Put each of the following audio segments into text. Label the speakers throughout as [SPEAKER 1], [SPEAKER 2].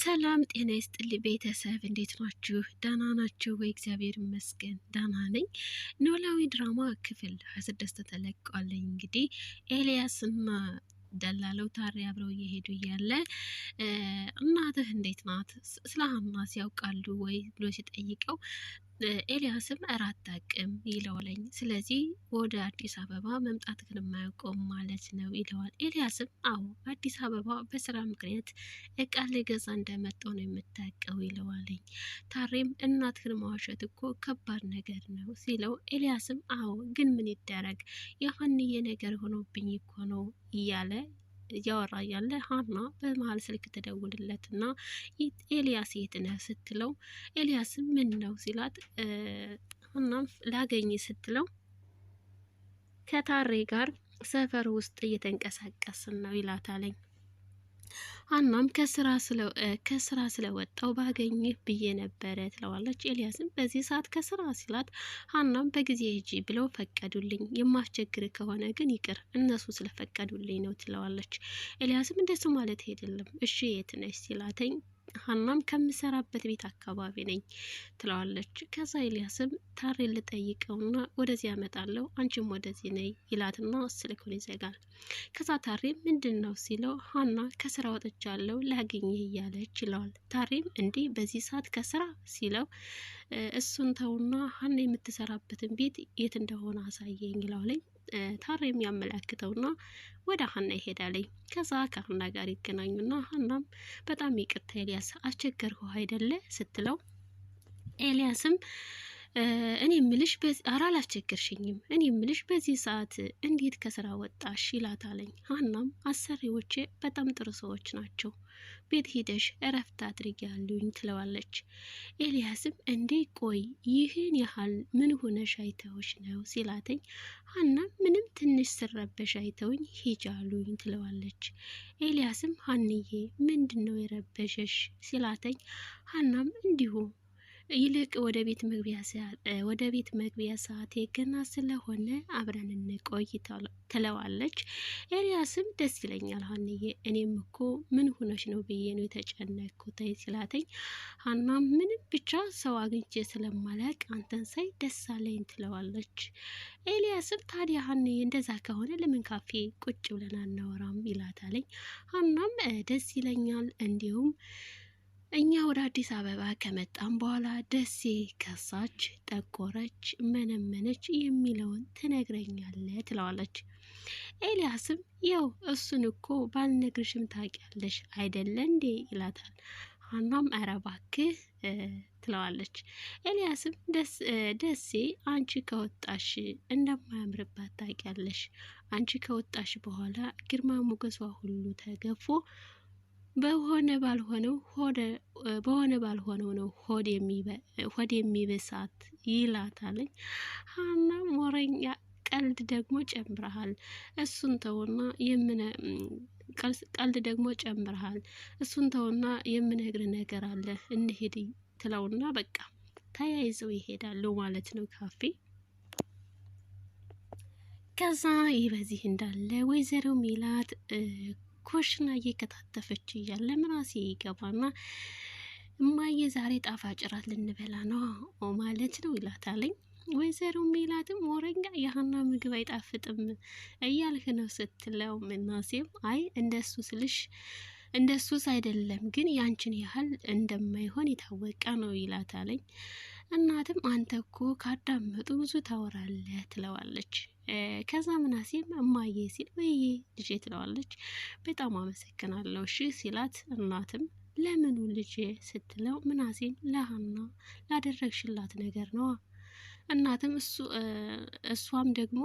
[SPEAKER 1] ሰላም ጤና ይስጥልኝ ቤተሰብ፣ እንዴት ናችሁ? ደህና ናችሁ ወይ? እግዚአብሔር ይመስገን ደህና ነኝ። ኖላዊ ድራማ ክፍል ሀያ ስድስት ተለቋለኝ። እንግዲህ ኤልያስና ደላለው ታሪ አብረው እየሄዱ እያለ እናትህ እንዴት ናት ስለ ሀና ያውቃሉ ወይ ብሎ ሲጠይቀው ኤልያስም እራት አቅም ይለዋለኝ። ስለዚህ ወደ አዲስ አበባ መምጣትህን የማያውቀውም ማለት ነው ይለዋል። ኤልያስም አዎ አዲስ አበባ በስራ ምክንያት እቃ ልገዛ እንደመጣው ነው የምታውቀው ይለዋለኝ። ታሬም እናትህን መዋሸት እኮ ከባድ ነገር ነው ሲለው፣ ኤልያስም አዎ ግን ምን ይደረግ ያሀንዬ ነገር ሆኖብኝ እኮ ነው እያለ እያወራ እያለ ሀና በመሀል ስልክ ተደውልለትና ኤልያስ የት ነህ ስትለው ኤልያስ ምን ነው ሲላት ሀናም ላገኝ ስትለው ከታሬ ጋር ሰፈር ውስጥ እየተንቀሳቀስን ነው ይላታለኝ። አናም ከስራ ስለወጣው ባገኝህ ብዬ ነበረ ትለዋለች። ኤልያስም በዚህ ሰዓት ከስራ ሲላት አናም በጊዜ ሂጂ ብለው ፈቀዱልኝ፣ የማስቸግር ከሆነ ግን ይቅር እነሱ ስለፈቀዱልኝ ነው ትለዋለች። ኤልያስም እንደሱ ማለት አይደለም እሺ የት ሲላተኝ ሀናም ከምሰራበት ቤት አካባቢ ነኝ ትለዋለች። ከዛ ኤልያስም ታሬ ልጠይቀውና ወደዚህ ያመጣለው አንቺም ወደዚህ ነይ ይላትና ስልኩን ይዘጋል። ከዛ ታሬ ምንድን ነው ሲለው ሀና ከስራ ወጥቻለሁ ላግኝህ እያለች ይለዋል። ታሬም እንዲህ በዚህ ሰዓት ከስራ ሲለው እሱን ተውና ሀና የምትሰራበትን ቤት የት እንደሆነ አሳየኝ ይለዋለኝ። ታራ የሚያመላክተውና ወደ ሀና ይሄዳለኝ። ከዛ ከሀና ጋር ይገናኙና ሀናም በጣም ይቅርታ ኤልያስ አስቸገርኩህ አይደለ ስትለው ኤልያስም እኔ ምልሽ አራ አላስቸገርሽኝም። እኔ ምልሽ በዚህ ሰዓት እንዴት ከስራ ወጣሽ ይላታለኝ። ሀናም አሰሪዎቼ በጣም ጥሩ ሰዎች ናቸው፣ ቤት ሂደሽ እረፍት አድርጊ ያሉኝ ትለዋለች። ኤልያስም እንዴ ቆይ ይህን ያህል ምን ሆነሽ አይተውሽ ነው ሲላተኝ፣ ሀናም ምንም ትንሽ ስረበሽ አይተውኝ ሂጅ አሉኝ ትለዋለች። ኤልያስም ሀንዬ ምንድን ነው የረበሸሽ ሲላተኝ፣ ሀናም እንዲሁ ይልቅ ወደ ቤት መግቢያ ወደ ቤት መግቢያ ሰዓቴ ገና ስለሆነ አብረን እንቆይ ትለዋለች። ኤልያስም ደስ ይለኛል ሀንዬ፣ እኔም እኮ ምን ሆነች ነው ብዬ ነው የተጨነቅኩት ሲላተኝ፣ ሀና ምንም ብቻ ሰው አግኝቼ ስለማላቅ አንተን ሳይ ደስ አለኝ ትለዋለች። ኤልያስም ታዲያ ሀንዬ እንደዛ ከሆነ ለምን ካፌ ቁጭ ብለን አናወራም ይላታለኝ። ሀናም ደስ ይለኛል እንዲሁም እኛ ወደ አዲስ አበባ ከመጣም በኋላ ደሴ ከሳች፣ ጠቆረች፣ መነመነች የሚለውን ትነግረኛለ ትለዋለች። ኤልያስም ያው እሱን እኮ ባልነግርሽም ታውቂያለሽ አይደለ እንዴ ይላታል። ሀናም ኧረ እባክህ ትለዋለች። ኤልያስም ደሴ አንቺ ከወጣሽ እንደማያምርባት ታውቂያለሽ። አንቺ ከወጣሽ በኋላ ግርማ ሞገሷ ሁሉ ተገፎ በሆነ ባልሆነው ሆደ በሆነ ባልሆነው ነው ሆድ የሚበሳት ይላታለኝ። ሀና ሞረኛ ቀልድ ደግሞ ጨምረሃል፣ እሱን ተውና የምነ ቀልድ ደግሞ ጨምረሃል፣ እሱን ተውና የምነግር ነገር አለ እንሄድ ትለውና በቃ ተያይዘው ይሄዳሉ ማለት ነው ካፌ። ከዛ ይህ በዚህ እንዳለ ወይዘሮ ሚላት ኩሽና እየከታተፈች እያለ ምናሴ ይገባና እማዬ ዛሬ ጣፋጭ ራት ልንበላ ነው ማለት ነው ይላታለኝ። ወይዘሮ ሜላትም ወረኛ የሀና ምግብ አይጣፍጥም እያልህ ነው ስትለው ምናሴም አይ እንደሱ ስልሽ እንደሱስ አይደለም ግን ያንችን ያህል እንደማይሆን የታወቀ ነው ይላታለኝ። እናትም አንተ እኮ ካዳመጡ ብዙ ታወራለህ ትለዋለች። ከዛ ምናሴም እማዬ ሲል ወይዬ ልጄ ትለዋለች። በጣም አመሰግናለሁ እሺ ሲላት እናትም ለምኑ ልጄ ስትለው ምናሴም ለሀና ላደረግሽላት ነገር ነዋ። እናትም እሷም ደግሞ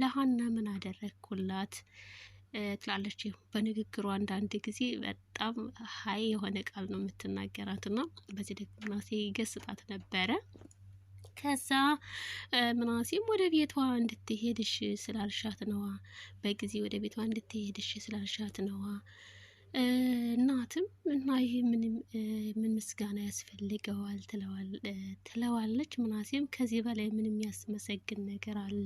[SPEAKER 1] ለሀና ምን አደረግኩላት ትላለች። በንግግሩ አንዳንድ ጊዜ በጣም ሀይ የሆነ ቃል ነው የምትናገራት እና በዚህ ደግሞ ምናሴ ይገስጣት ነበረ። ከዛ ምናሴም ወደ ቤቷ እንድትሄድሽ ስላልሻት ነዋ፣ በጊዜ ወደ ቤቷ እንድትሄድሽ ስላልሻት ነዋ እናትም እና ይህ ምንም ምን ምስጋና ያስፈልገዋል ትለዋለች። ምናሴም ከዚህ በላይ ምንም ያስመሰግን ነገር አለ?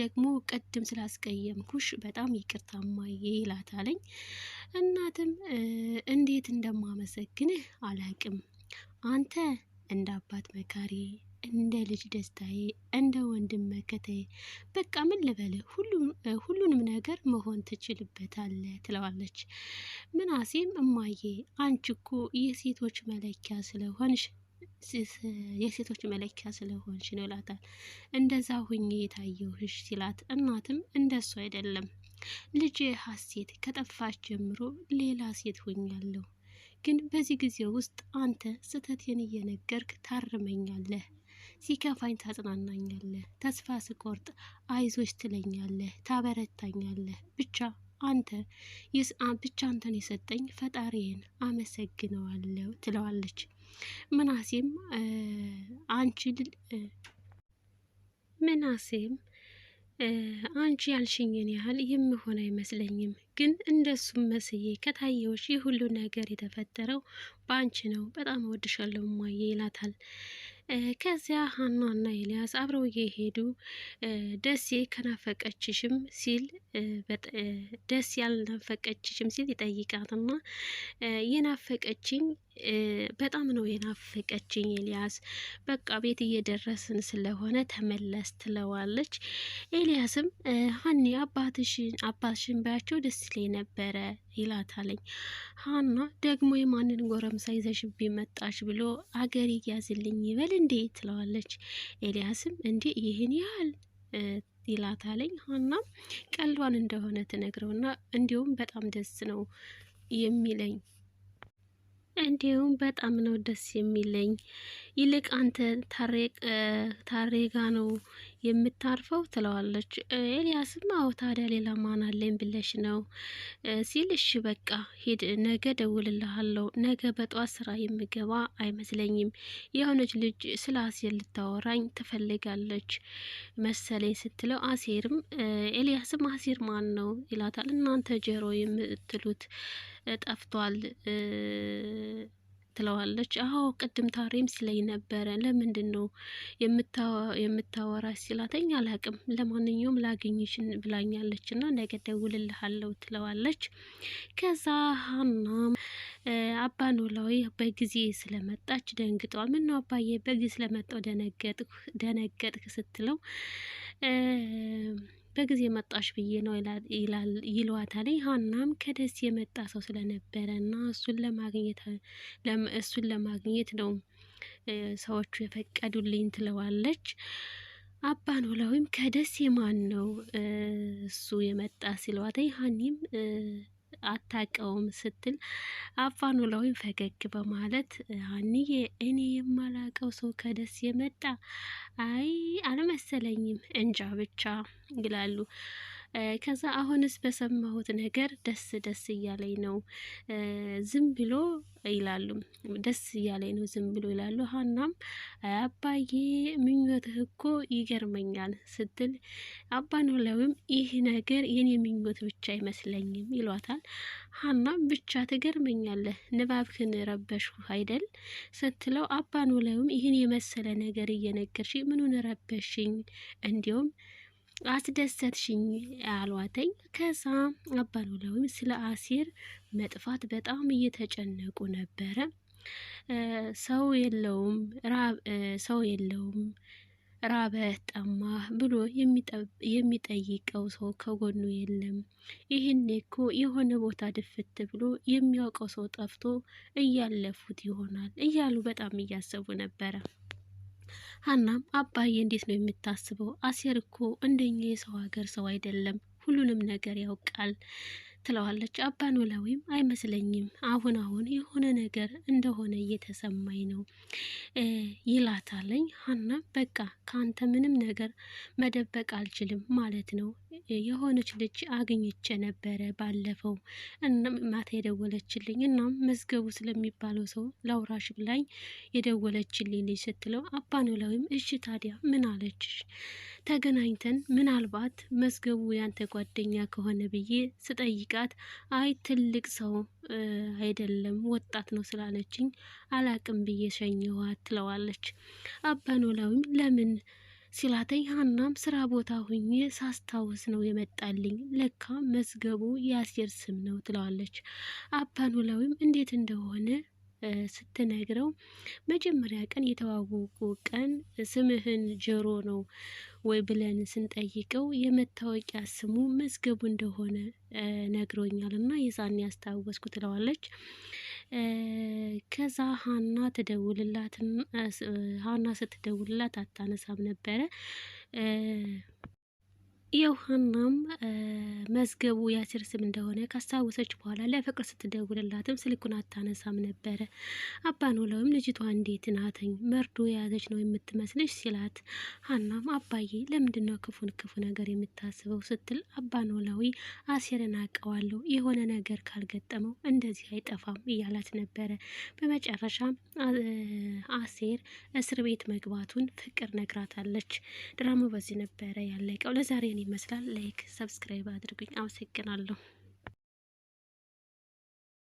[SPEAKER 1] ደግሞ ቅድም ስላስቀየምኩሽ በጣም ይቅርታ እማዬ ይላታለኝ። እናትም እንዴት እንደማመሰግንህ አላቅም አንተ እንደ አባት መካሪ እንደ ልጅ ደስታዬ፣ እንደ ወንድም መከታዬ፣ በቃ ምን ልበልህ ሁሉንም ነገር መሆን ትችልበታለህ ትለዋለች። ምናሴም እማዬ አንቺ እኮ የሴቶች መለኪያ ስለሆንሽ የሴቶች መለኪያ ስለሆንሽ ነው ይላታል። እንደዛ ሁኜ የታየሁሽ ሲላት እናትም እንደሱ አይደለም ልጄ ሀሴት ከጠፋች ጀምሮ ሌላ ሴት ሆኛለሁ። ግን በዚህ ጊዜ ውስጥ አንተ ስህተቴን እየነገርክ ታርመኛለህ ሲከፋኝ ታጽናናኛለህ፣ ተስፋ ስቆርጥ አይዞች ትለኛለህ፣ ታበረታኛለህ። ብቻ አንተ ብቻ አንተን የሰጠኝ ፈጣሪዬን አመሰግነዋለሁ ትለዋለች። ምናሴም አንቺ ምናሴም አንቺ ያልሽኝን ያህል የምሆን አይመስለኝም፣ ግን እንደሱም መስዬ ከታየውሽ የሁሉ ነገር የተፈጠረው በአንቺ ነው። በጣም እወድሻለሁ እማዬ ይላታል። ከዚያ ሀናና ኤልያስ አብረው እየሄዱ ደሴ ከናፈቀችሽም ሲል ደስ ያልናፈቀችሽም ሲል ይጠይቃትና የናፈቀችኝ በጣም ነው የናፈቀችኝ ኤልያስ በቃ ቤት እየደረስን ስለሆነ ተመለስ ትለዋለች። ኤልያስም ሀኒ አባትሽን አባትሽን ባያቸው ደስ ይለኝ ነበረ ይላታለኝ። ሀና ደግሞ የማንን ጎረምሳ ይዘሽብኝ ቢመጣሽ ብሎ አገር ያዝልኝ ይበል እንዴ ትለዋለች። ኤልያስም እንዴ ይህን ያህል ይላታለኝ። ሀና ቀልዷን እንደሆነ ትነግረውና እንዲሁም በጣም ደስ ነው የሚለኝ እንዲሁም በጣም ነው ደስ የሚለኝ። ይልቅ አንተ ታሬጋ ነው የምታርፈው ትለዋለች። ኤልያስም አዎ ታዲያ ሌላ ማን አለኝ ብለሽ ነው ሲል እሺ በቃ ሂድ፣ ነገ ደውልልሃለሁ። ነገ በጠዋት ስራ የምገባ አይመስለኝም። የሆነች ልጅ ስለ አሴር ልታወራኝ ትፈልጋለች መሰለኝ ስትለው አሴርም ኤልያስም አሴር ማን ነው ይላታል። እናንተ ጀሮ የምትሉት ጠፍቷል ትለዋለች። አዎ ቅድም ታሬም ስለይ ነበረ። ለምንድን ነው የምታወራ ሲላተኝ አላቅም። ለማንኛውም ላገኝሽን ብላኛለች እና ነገ ደውልልሃለው ትለዋለች። ከዛ ሀና አባ ኖላዊ በጊዜ ስለመጣች ደንግጠዋል። ነው አባዬ በጊዜ ስለመጣው ደነገጥክ ስትለው በጊዜ መጣሽ ብዬ ነው ይሏታል። ሀናም ከደስ የመጣ ሰው ስለነበረ እና እሱን ለማግኘት እሱን ለማግኘት ነው ሰዎቹ የፈቀዱልኝ ትለዋለች። አባ ኖላዊም ከደስ የማን ነው እሱ የመጣ ሲለዋት ሀኒም አታቀውም ስትል ላይ ፈገግ በማለት አንዬ እኔ የማላቀው ሰው ከደስ የመጣ አይ አልመሰለኝም እንጃ ብቻ ይላሉ። ከዛ አሁንስ በሰማሁት ነገር ደስ ደስ እያለኝ ነው ዝም ብሎ ይላሉ። ደስ እያለኝ ነው ዝም ብሎ ይላሉ። ሀናም አባዬ ምኞትህ እኮ ይገርመኛል ስትል አባ ኖላዊም ይህ ነገር የኔ ምኞት ብቻ አይመስለኝም ይሏታል። ሀናም ብቻ ትገርመኛለህ፣ ንባብህን ረበሽሁ አይደል ስትለው አባ ኖላዊም ይህን የመሰለ ነገር እየነገርሽ ምኑን ረበሽኝ እንዲሁም አስደሰትሽኝ አሏተኝ። ከዛ አባኖላዊም ስለ አሲር መጥፋት በጣም እየተጨነቁ ነበረ። ሰው የለውም ሰው የለውም ራበ ጠማ ብሎ የሚጠይቀው ሰው ከጎኑ የለም። ይህኔ እኮ የሆነ ቦታ ድፍት ብሎ የሚያውቀው ሰው ጠፍቶ እያለፉት ይሆናል እያሉ በጣም እያሰቡ ነበረ። ሀናም አባዬ እንዴት ነው የምታስበው? አሴር እኮ እንደኛ የሰው ሀገር ሰው አይደለም፣ ሁሉንም ነገር ያውቃል ትለዋለች። አባ ኖላዊም አይመስለኝም፣ አሁን አሁን የሆነ ነገር እንደሆነ እየተሰማኝ ነው ይላታለኝ። ሀና በቃ ከአንተ ምንም ነገር መደበቅ አልችልም ማለት ነው። የሆነች ልጅ አግኝቼ ነበረ ባለፈው ማታ የደወለችልኝ። እናም መዝገቡ ስለሚባለው ሰው ላውራሽ ብላኝ የደወለችልኝ ልጅ ስትለው አባ ኖላዊም እሺ ታዲያ ምን አለችሽ? ተገናኝተን ምናልባት መዝገቡ ያንተ ጓደኛ ከሆነ ብዬ ስጠይቃት አይ ትልቅ ሰው አይደለም ወጣት ነው ስላለችኝ አላቅም ብዬ ሸኘኋት ትለዋለች። አባኖላዊም ለምን ሲላተኝ ሀናም ስራ ቦታ ሁኜ ሳስታውስ ነው የመጣልኝ ለካ መዝገቡ የአሴር ስም ነው ትለዋለች። አባኖላዊም እንዴት እንደሆነ ስትነግረው መጀመሪያ ቀን የተዋወቁ ቀን ስምህን ጆሮ ነው ወይ ብለን ስንጠይቀው የመታወቂያ ስሙ መዝገቡ እንደሆነ ነግሮኛል እና የዛን ያስታወስኩ ትለዋለች። ከዛ ሀና ትደውልላት ሀና ስትደውልላት አታነሳም ነበረ። የውሃናም መዝገቡ የአሲር ስም እንደሆነ ካስታወሰች በኋላ ለፍቅር ስትደውልላትም ስልኩን አታነሳም ነበረ። አባኖላዊም ልጅቷ እንዴት ናተኝ መርዶ የያዘች ነው የምትመስልሽ ሲላት፣ ሀናም አባዬ ለምንድን ነው ክፉን ክፉ ነገር የምታስበው ስትል፣ አባኖላዊ አሲርን አውቀዋለሁ የሆነ ነገር ካልገጠመው እንደዚህ አይጠፋም እያላት ነበረ። በመጨረሻም አሴር እስር ቤት መግባቱን ፍቅር ነግራታለች። ድራማው በዚህ ነበረ ያለቀው ለዛሬ ይህን ይመስላል። ላይክ ሰብስክራይብ አድርጉኝ። አመሰግናለሁ።